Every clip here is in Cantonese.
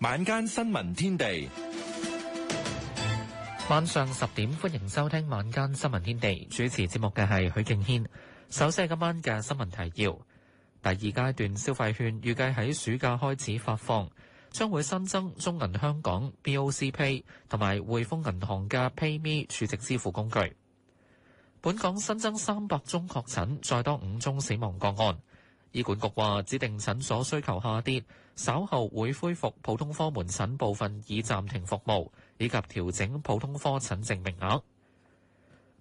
晚間新聞天地，晚上十點歡迎收聽晚間新聞天地。主持節目嘅係許敬軒。首先係今晚嘅新聞提要。第二階段消費券預計喺暑假開始發放，將會新增中銀香港 BoC Pay 同埋匯豐銀行嘅 PayMe 儲值支付工具。本港新增三百宗確診，再多五宗死亡個案。醫管局話，指定診所需求下跌，稍後會恢復普通科門診部分已暫停服務，以及調整普通科診證名額。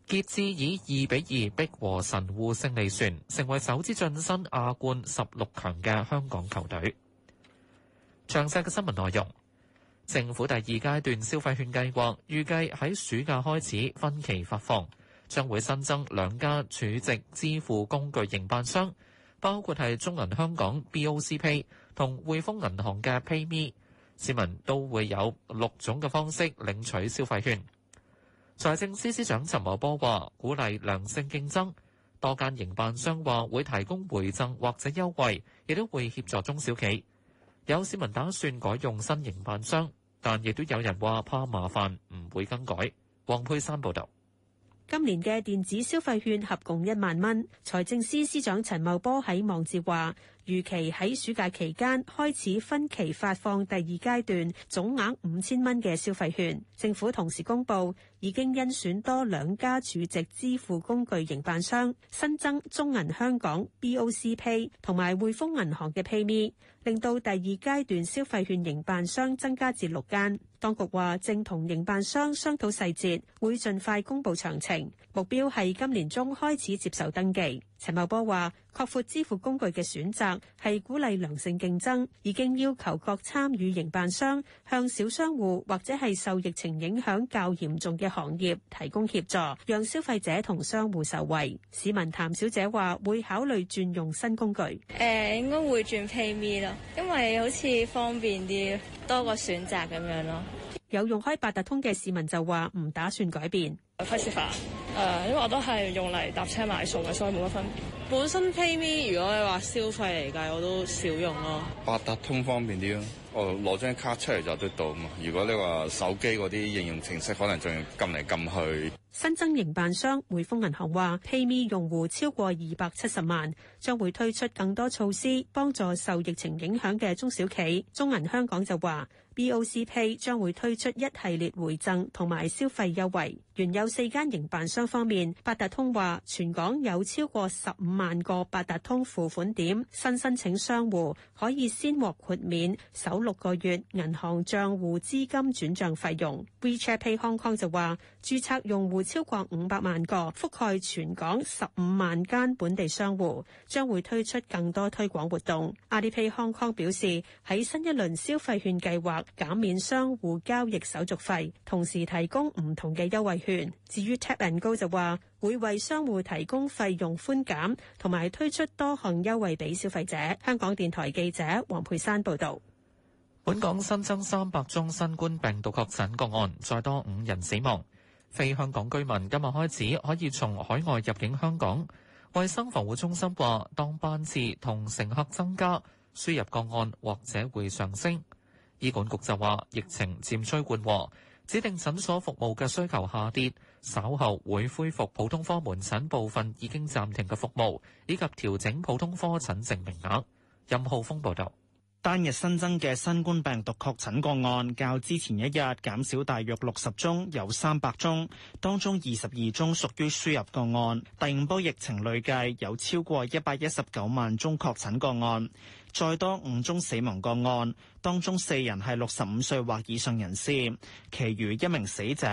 傑志以二比二逼和神戶勝利船，成為首支晉身亞冠十六強嘅香港球隊。詳細嘅新聞內容，政府第二階段消費券計劃預計喺暑假開始分期發放，將會新增兩家儲值支付工具營辦商。包括係中銀香港、BoC Pay 同匯豐銀行嘅 PayMe，市民都會有六種嘅方式領取消費券。財政司司長陳茂波話，鼓勵良性競爭，多間營辦商話會提供回贈或者優惠，亦都會協助中小企。有市民打算改用新營辦商，但亦都有人話怕麻煩，唔會更改。黃佩珊報導。今年嘅電子消費券合共一萬蚊，財政司司長陳茂波喺網誌話，預期喺暑假期間開始分期發放第二階段總額五千蚊嘅消費券。政府同時公布，已經甄選多兩家儲值支付工具營辦商，新增中銀香港、BoC Pay 同埋匯豐銀行嘅 PayMe，令到第二階段消費券營辦商增加至六間。當局話正同營辦商商討細節，會盡快公佈詳情，目標係今年中開始接受登記。陳茂波話，擴闊支付工具嘅選擇係鼓勵良性競爭，已經要求各參與營辦商向小商戶或者係受疫情影響較嚴重嘅行業提供協助，讓消費者同商戶受惠。市民譚小姐話，會考慮轉用新工具。誒、呃，應該會轉 PayMe 咯，因為好似方便啲，多個選擇咁樣咯。有用開八達通嘅市民就話唔打算改變。快錢法，誒，因為我都係用嚟搭車買餸嘅，所以冇乜分別。本身 PayMe 如果你話消費嚟嘅，我都少用咯。八達通方便啲咯，我攞張卡出嚟就得到嘛。如果你話手機嗰啲應用程式，可能仲要撳嚟撳去。新增營辦商匯豐銀行話，PayMe 用戶超過二百七十萬，將會推出更多措施，幫助受疫情影響嘅中小企。中銀香港就話。BoC Pay 將會推出一系列回贈同埋消費優惠。原有四間營辦商方面，八達通話全港有超過十五萬個八達通付款點，新申請商戶可以先獲豁免首六個月銀行帳戶資金轉賬費用。WeChat Pay Hong Kong 就話註冊用戶超過五百萬個，覆蓋全港十五萬間本地商戶，將會推出更多推廣活動。Alipay Hong Kong 表示喺新一輪消費券計劃。減免商戶交易手續費，同時提供唔同嘅優惠券。至於 t a 人高就話會為商戶提供費用寬減同埋推出多項優惠俾消費者。香港電台記者黃佩珊報道。本港新增三百宗新冠病毒確診個案，再多五人死亡。非香港居民今日開始可以從海外入境香港。衛生防護中心話當班次同乘客增加，輸入個案或者會上升。醫管局就話，疫情漸趨緩和，指定診所服務嘅需求下跌，稍後會恢復普通科門診部分已經暫停嘅服務，以及調整普通科診症名額。任浩峰報導，單日新增嘅新冠病毒確診個案較之前一日減少大約六十宗，有三百宗，當中二十二宗屬於輸入個案。第五波疫情累計有超過一百一十九萬宗確診個案。再多五宗死亡個案，當中四人係六十五歲或以上人士，其餘一名死者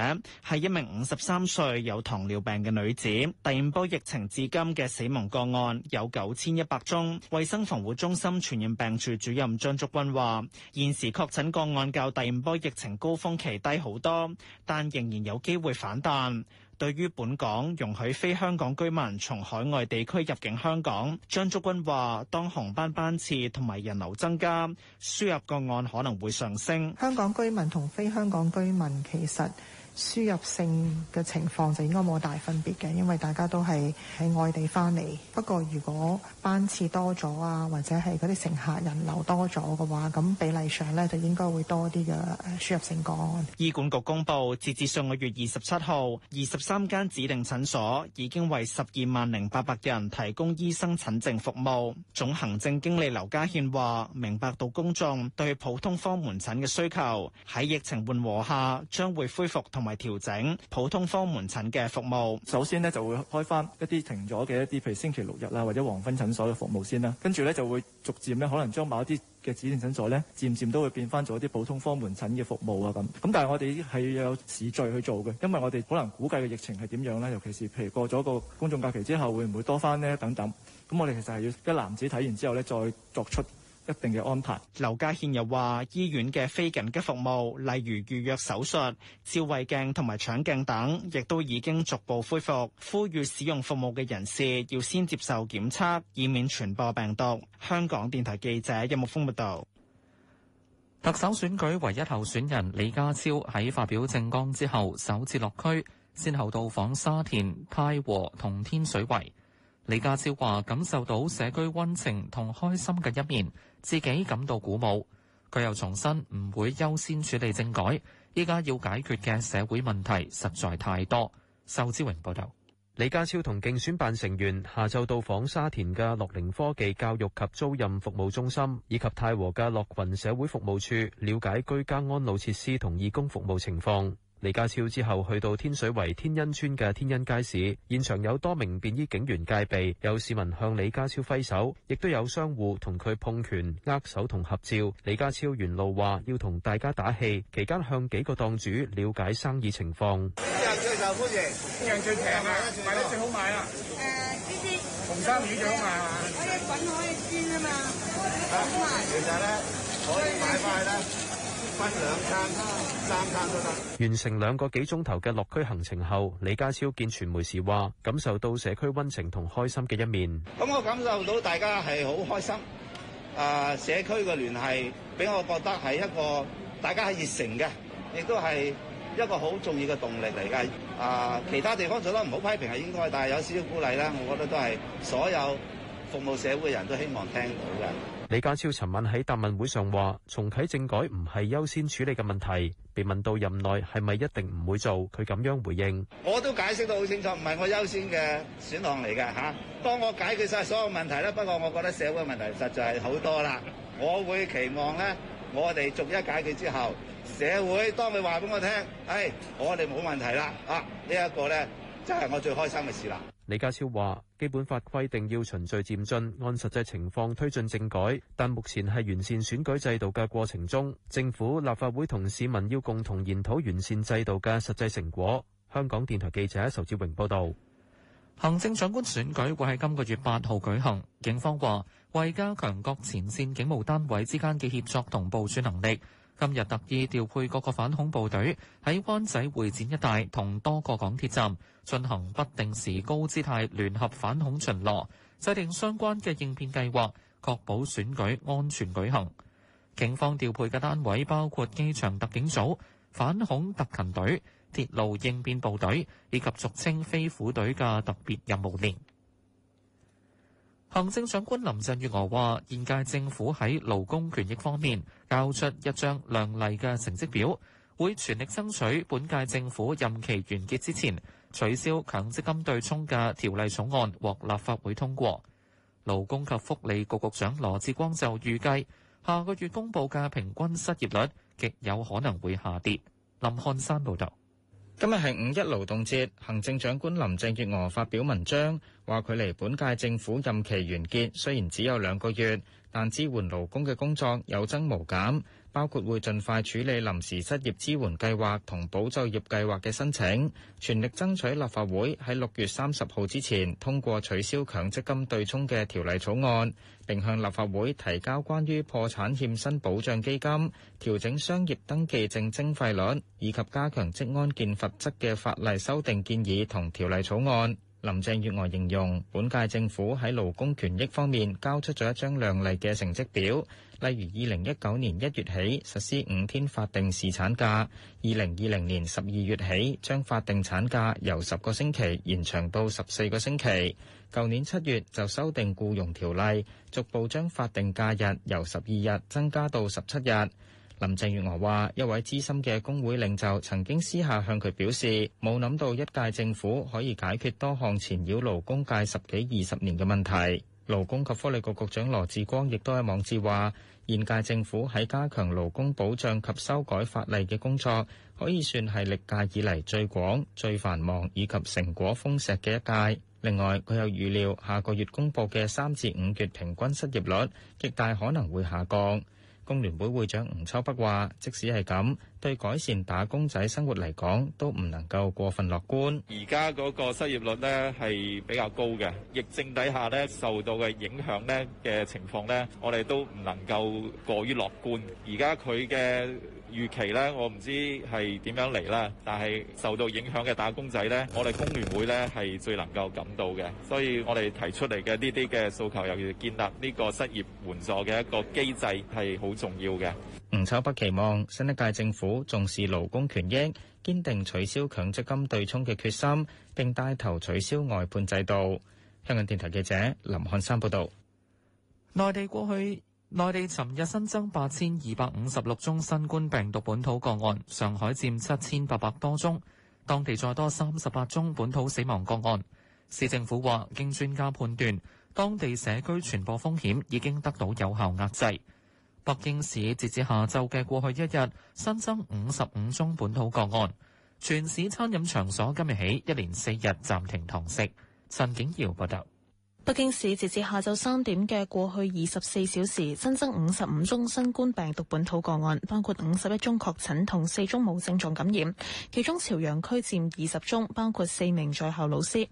係一名五十三歲有糖尿病嘅女子。第五波疫情至今嘅死亡個案有九千一百宗。衛生防護中心傳染病處主任張竹君話，現時確診個案較第五波疫情高峰期低好多，但仍然有機會反彈。對於本港容許非香港居民從海外地區入境香港，張竹君話：當航班班次同埋人流增加，輸入個案可能會上升。香港居民同非香港居民其實……輸入性嘅情況就應該冇大分別嘅，因為大家都係喺外地翻嚟。不過如果班次多咗啊，或者係嗰啲乘客人流多咗嘅話，咁比例上咧，就應該會多啲嘅輸入性個案。醫管局公布，截至上個月二十七號，二十三間指定診所已經為十二萬零八百人提供醫生診症服務。總行政經理劉家憲話，明白到公眾對普通科門診嘅需求，喺疫情緩和下將會恢復同。同埋調整普通科門診嘅服務，首先呢就會開翻一啲停咗嘅一啲，譬如星期六日啦，或者黃昏診所嘅服務先啦。跟住咧就會逐漸咧，可能將某一啲嘅指定診所咧，漸漸都會變翻做一啲普通科門診嘅服務啊。咁咁，但係我哋係要有時序去做嘅，因為我哋可能估計嘅疫情係點樣咧？尤其是譬如過咗個公眾假期之後，會唔會多翻呢？等等。咁我哋其實係要一籃子睇完之後咧，再作出一定嘅安排。劉家憲又話醫院嘅非緊急服務，例如預約手術、照胃鏡同埋腸鏡等，亦都已經逐步恢復。呼籲使用服務嘅人士要先接受檢測，以免傳播病毒。香港電台記者任木峯報道。特首選舉唯一候選人李家超喺發表政綱之後首次落區，先後到訪沙田、太和同天水圍，李家超話感受到社區溫情同開心嘅一面。自己感到鼓舞，佢又重申唔會優先處理政改，依家要解決嘅社會問題實在太多。仇志榮報道，李家超同競選辦成員下晝到訪沙田嘅樂齡科技教育及租賃服務中心，以及太和嘅樂群社會服務處了解居家安老設施同義工服務情況。李家超之後去到天水圍天恩村嘅天恩街市，現場有多名便衣警員戒備，有市民向李家超揮手，亦都有商戶同佢碰拳、握手同合照。李家超沿路話要同大家打氣，期間向幾個檔主了解生意情況。呢樣最受歡迎，呢樣最平啊，賣、啊、得好、呃、最好賣啦。呢啲紅衫魚腸啊，可以滾可以煎啊嘛。原來咧，可以買翻去分兩餐啦，三餐都得。完成兩個幾鐘頭嘅落區行程後，李家超見傳媒時話：感受到社區溫情同開心嘅一面。咁、嗯、我感受到大家係好開心，啊、呃，社區嘅聯繫俾我覺得係一個大家係熱誠嘅，亦都係一個好重要嘅動力嚟嘅。啊、呃，其他地方做得唔好，批評係應該，但係有少少鼓勵啦，我覺得都係所有服務社會嘅人都希望聽到嘅。李家超尋晚喺答問會上話，重啟政改唔係優先處理嘅問題。被問到任內係咪一定唔會做，佢咁樣回應：我都解釋到好清楚，唔係我優先嘅選項嚟嘅。吓、啊。當我解決晒所有問題咧，不過我覺得社會問題實在係好多啦。我會期望咧，我哋逐一解決之後，社會當你話俾我聽，誒、哎，我哋冇問題啦吓、啊這個、呢一個咧。真係我最開心嘅事啦！李家超話：基本法規定要循序漸進，按實際情況推進政改，但目前係完善選舉制度嘅過程中，政府、立法會同市民要共同研討完善制度嘅實際成果。香港電台記者仇志榮報導。行政長官選舉會喺今個月八號舉行，警方話為加強各前線警務單位之間嘅協作同部署能力。今日特意調配各個反恐部隊，喺灣仔會展一帶同多個港鐵站進行不定時高姿態聯合反恐巡邏，制定相關嘅應變計劃，確保選舉安全舉行。警方調配嘅單位包括機場特警組、反恐特勤隊、鐵路應變部隊以及俗稱飛虎隊嘅特別任務連。行政長官林鄭月娥話：現屆政府喺勞工權益方面交出一張亮麗嘅成績表，會全力爭取本屆政府任期完結之前取消強積金對沖嘅條例草案獲立法會通過。勞工及福利局局長羅致光就預計下個月公布嘅平均失業率極有可能會下跌。林漢山報導。今日係五一勞動節，行政長官林鄭月娥發表文章，話距離本屆政府任期完結雖然只有兩個月，但支援勞工嘅工作有增無減。包括會盡快處理臨時失業支援計劃同保就業計劃嘅申請，全力爭取立法會喺六月三十號之前通過取消強積金對沖嘅條例草案，並向立法會提交關於破產欠薪保障基金調整商業登記證徵費率以及加強職安健罰則嘅法例修訂建議同條例草案。林鄭月娥形容，本屆政府喺勞工權益方面交出咗一張亮麗嘅成績表，例如二零一九年一月起實施五天法定侍產假，二零二零年十二月起將法定產假由十個星期延長到十四個星期，舊年七月就修訂僱傭條例，逐步將法定假日由十二日增加到十七日。林鄭月娥話一位資深嘅工會領袖曾經私下向佢表示，冇諗到一屆政府可以解決多項纏繞勞工界十幾二十年嘅問題。勞工及福利局局長羅志光亦都喺網誌話，現屆政府喺加強勞工保障及修改法例嘅工作，可以算係歷屆以嚟最廣、最繁忙以及成果豐碩嘅一屆，另外，佢又預料下個月公布嘅三至五月平均失業率極大可能會下降。工聯會會長吳秋北話，即使係咁，對改善打工仔生活嚟講都唔能夠過分樂觀,而家個失業率呢係比較高嘅,疫症底下呢受到嘅影響呢嘅情況呢,我哋都唔能夠過於樂觀,而家佢嘅預期咧，我唔知係點樣嚟啦，但係受到影響嘅打工仔咧，我哋工聯會咧係最能夠感到嘅，所以我哋提出嚟嘅呢啲嘅訴求，又要建立呢個失業援助嘅一個機制係好重要嘅。吳秋北期望新一屆政府重視勞工權益，堅定取消強積金對沖嘅決心，並帶頭取消外判制度。香港電台記者林漢山報導。內地過去。內地尋日新增八千二百五十六宗新冠病毒本土個案，上海佔七千八百多宗，當地再多三十八宗本土死亡個案。市政府話，經專家判斷，當地社區傳播風險已經得到有效壓制。北京市截至下晝嘅過去一日，新增五十五宗本土個案，全市餐飲場所今日起一連四日暫停堂食。陳景堯報道。北京市截至下晝三點嘅過去二十四小時，新增五十五宗新冠病毒本土個案，包括五十一宗確診同四宗無症狀感染，其中朝陽區佔二十宗，包括四名在校老師。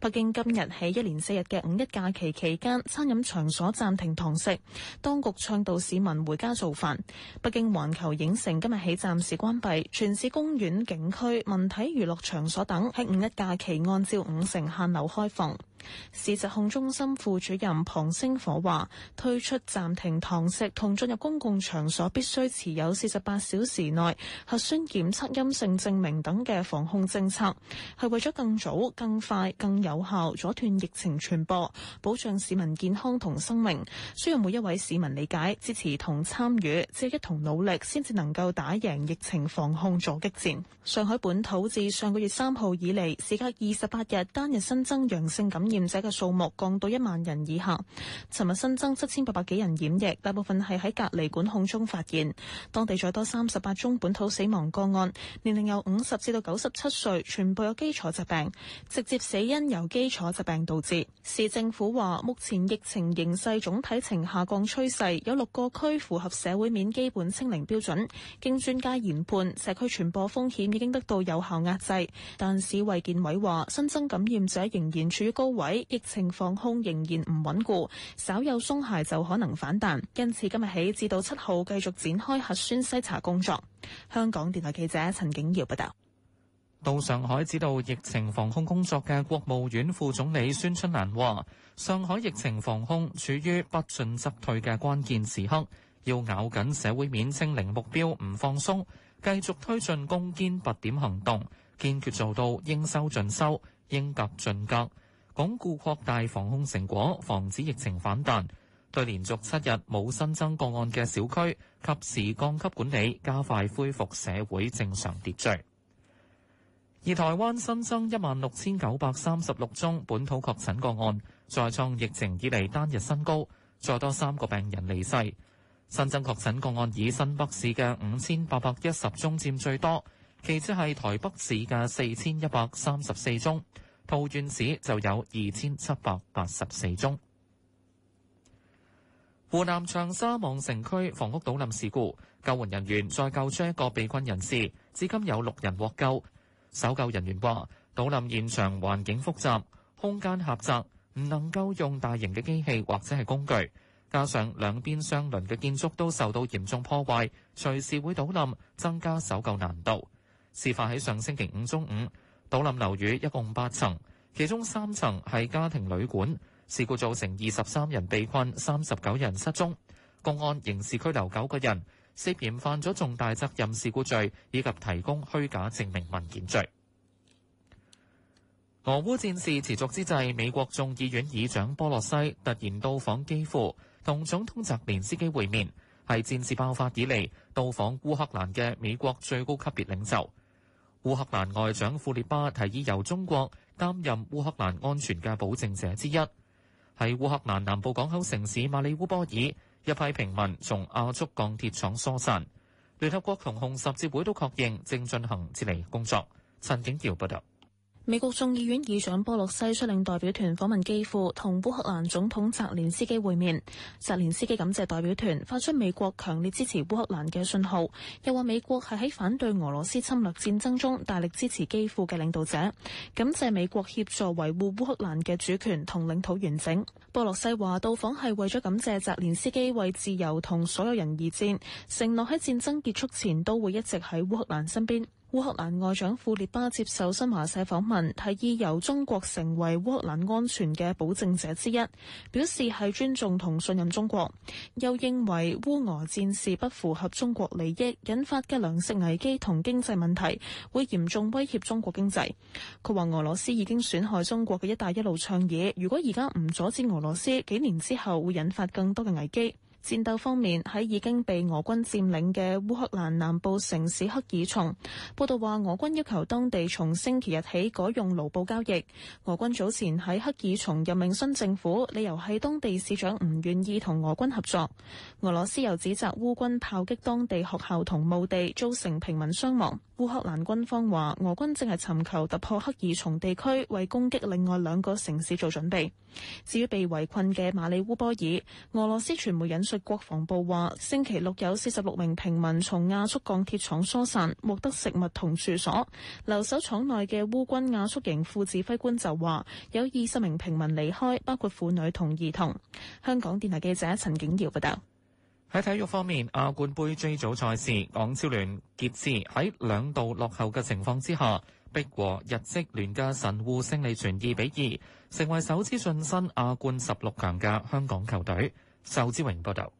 北京今日喺一連四日嘅五一假期期間，餐飲場所暫停堂食，當局倡導市民回家做飯。北京環球影城今日起暫時關閉，全市公園景區、文體娛樂場所等喺五一假期按照五成限流開放。市疾控中心副主任龐星火話：推出暫停堂食同進入公共場所必須持有四十八小時內核酸檢測陰性證明等嘅防控政策，係為咗更早、更快、更有效阻斷疫情傳播，保障市民健康同生命，需要每一位市民理解、支持同參與，即係一同努力，先至能夠打贏疫情防控阻擊戰。上海本土自上個月三號以嚟，時隔二十八日單日新增陽性感染。感染者嘅數目降到一萬人以下。尋日新增七千八百幾人染疫，大部分係喺隔離管控中發現。當地再多三十八宗本土死亡個案，年齡由五十至到九十七歲，全部有基礎疾病，直接死因由基礎疾病導致。市政府話，目前疫情形勢總體呈下降趨勢，有六個區符合社會面基本清零標準。經專家研判，社區傳播風險已經得到有效壓制。但市衛健委話，新增感染者仍然處於高位。疫情防控仍然唔穩固，稍有鬆懈就可能反彈，因此今日起至到七號繼續展開核酸篩查工作。香港電台記者陳景瑤報道。到上海指導疫情防控工作嘅國務院副總理孫春蘭話，上海疫情防控處於不進則退嘅關鍵時刻，要咬緊社會面清零目標，唔放鬆，繼續推進攻堅拔點行動，堅決做到應收盡收、應隔盡隔。鞏固擴大防控成果，防止疫情反彈。對連續七日冇新增個案嘅小區，及時降級管理，加快恢復社會正常秩序。而台灣新增一萬六千九百三十六宗本土確診個案，再創疫情以嚟單日新高，再多三個病人離世。新增確診個案以新北市嘅五千八百一十宗佔最多，其次係台北市嘅四千一百三十四宗。瀘縣市就有2,784倒冧樓宇一共八層，其中三層係家庭旅館。事故造成二十三人被困，三十九人失蹤。公安刑事拘留九個人，涉嫌犯咗重大責任事故罪以及提供虛假證明文件罪。俄烏戰事持續之際，美國眾議院議長波洛西突然到訪基輔，同總統澤連斯基會面，係戰事爆發以嚟到訪烏克蘭嘅美國最高級別領袖。烏克蘭外長庫列巴提議由中國擔任烏克蘭安全嘅保證者之一。喺烏克蘭南部港口城市馬里烏波爾，一批平民從亞速鋼鐵廠疏散。聯合國同紅十字會都確認正進行撤離工作。陳景橋報道。美國眾議院議長波洛西率領代表團訪問基輔，同烏克蘭總統澤連斯基會面。澤連斯基感謝代表團發出美國強烈支持烏克蘭嘅信號，又話美國係喺反對俄羅斯侵略戰爭中大力支持基輔嘅領導者，感謝美國協助維護烏克蘭嘅主權同領土完整。波洛西話到訪係為咗感謝澤連斯基為自由同所有人而戰，承諾喺戰爭結束前都會一直喺烏克蘭身邊。烏克蘭外長庫列巴接受新華社訪問，提議由中國成為烏克蘭安全嘅保證者之一，表示係尊重同信任中國，又認為烏俄戰事不符合中國利益，引發嘅糧食危機同經濟問題會嚴重威脅中國經濟。佢話俄羅斯已經損害中國嘅一帶一路倡議，如果而家唔阻止俄羅斯，幾年之後會引發更多嘅危機。戰鬥方面喺已經被俄軍佔領嘅烏克蘭南部城市克爾松，報道話俄軍要求當地從星期日起改用盧布交易。俄軍早前喺克爾松任命新政府，理由係當地市長唔願意同俄軍合作。俄羅斯又指責烏軍炮擊當地學校同墓地，造成平民傷亡。烏克蘭軍方話俄軍正係尋求突破克爾松地區，為攻擊另外兩個城市做準備。至於被圍困嘅馬里烏波爾，俄羅斯傳媒引述國防部話，星期六有四十六名平民從亞速鋼鐵廠疏散，獲得食物同住所。留守廠內嘅烏軍亞速營副指揮官就話，有二十名平民離開，包括婦女同兒童。香港電台記者陳景瑤報道。喺體育方面，亞冠盃最早賽事，港超聯傑志喺兩度落後嘅情況之下，逼和日職聯嘅神戶勝利船二比二，2，成為首支晉身亞冠十六強嘅香港球隊。仇志榮報道。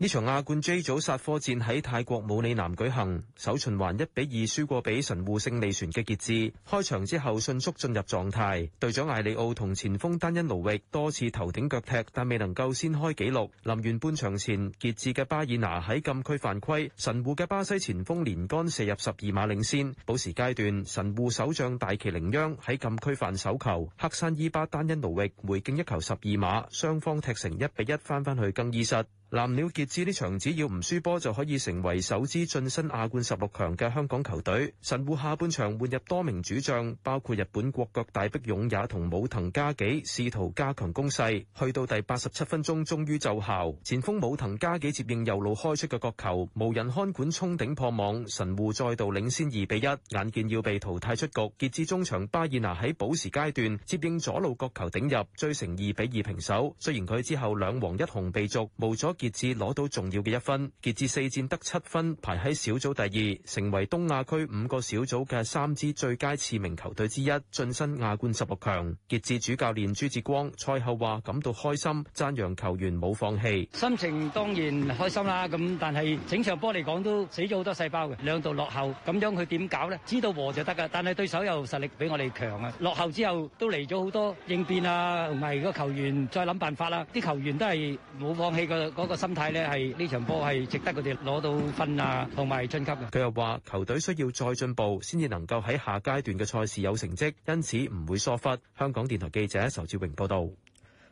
呢場亞冠 J 組殺科戰喺泰國武里南舉行，首循環一比二輸過俾神戶勝利船嘅傑志，開場之後迅速進入狀態，隊長艾利奧同前鋒丹一奴域多次頭頂腳踢，但未能夠先開紀錄。臨完半場前，傑志嘅巴爾拿喺禁區犯規，神戶嘅巴西前鋒連桿射入十二碼領先。補時階段，神戶首將大崎零央喺禁區犯手球，黑山伊巴丹一奴域回敬一球十二碼，雙方踢成一比一，返返去更衣室。藍鳥傑志呢場只要唔輸波就可以成為首支晉身亞冠十六強嘅香港球隊。神戶下半場換入多名主將，包括日本國腳大迫勇也同武藤嘉紀，試圖加強攻勢。去到第八十七分鐘，終於奏效，前鋒武藤嘉紀接應右路開出嘅角球，無人看管衝頂破網，神戶再度領先二比一。眼見要被淘汰出局，傑志中場巴爾拿喺補時階段接應左路角球頂入，追成二比二平手。雖然佢之後兩黃一紅被逐，無咗。傑志攞到重要嘅一分，傑志四戰得七分，排喺小組第二，成為東亞區五個小組嘅三支最佳次名球隊之一，晉身亞冠十六強。傑志主教練朱志光賽後話：感到開心，讚揚球員冇放棄。心情當然開心啦，咁但係整場波嚟講都死咗好多細胞嘅，兩度落後，咁樣佢點搞咧？知道和就得噶，但係對手又實力比我哋強啊。落後之後都嚟咗好多應變啊，唔係個球員再諗辦法啦。啲球員都係冇放棄過。那個個心態呢係呢場波係值得佢哋攞到分啊，同埋晉級。佢又話：球隊需要再進步，先至能夠喺下階段嘅賽事有成績，因此唔會疏忽。香港電台記者仇志榮報導。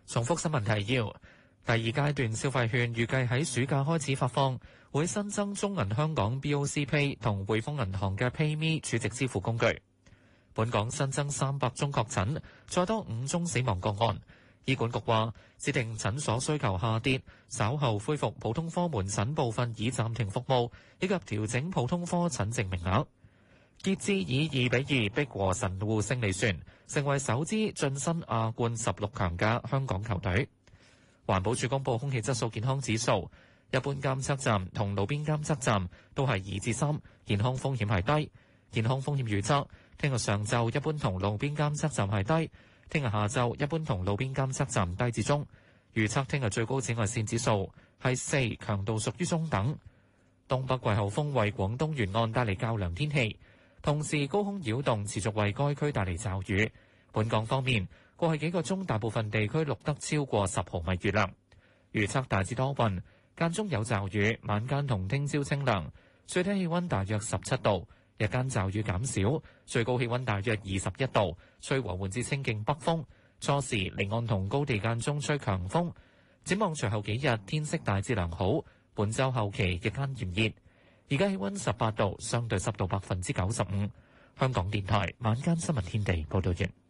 重複新聞提要：第二階段消費券預計喺暑假開始發放，會新增中銀香港 BoC Pay 同匯豐銀行嘅 PayMe 儲值支付工具。本港新增三百宗確診，再多五宗死亡個案。醫管局話，指定診所需求下跌，稍後恢復普通科門診部分已暫停服務，以及調整普通科診症名額。傑志以二比二逼和神戶勝利船，成為首支晉身亞冠十六強嘅香港球隊。環保署公布空氣質素健康指數，一般監測站同路邊監測站都係二至三，健康風險係低。健康風險預測，聽日上晝一般同路邊監測站係低。聽日下晝一般同路邊監測站低至中。預測聽日最高紫外線指數係四，強度屬於中等。東北季候風為廣東沿岸帶嚟較涼天氣，同時高空擾動持續為該區帶嚟驟雨。本港方面，過去幾個鐘大部分地區錄得超過十毫米雨量，預測大致多雲，間中有驟雨，晚間同聽朝清涼，最低氣溫大約十七度。日間驟雨減少，最高氣溫大約二十一度，吹和緩至清勁北風。初時，離岸同高地間中吹強風。展望隨後幾日，天色大致良好。本週後期日間炎熱。而家氣溫十八度，相對濕度百分之九十五。香港電台晚間新聞天地，報道完。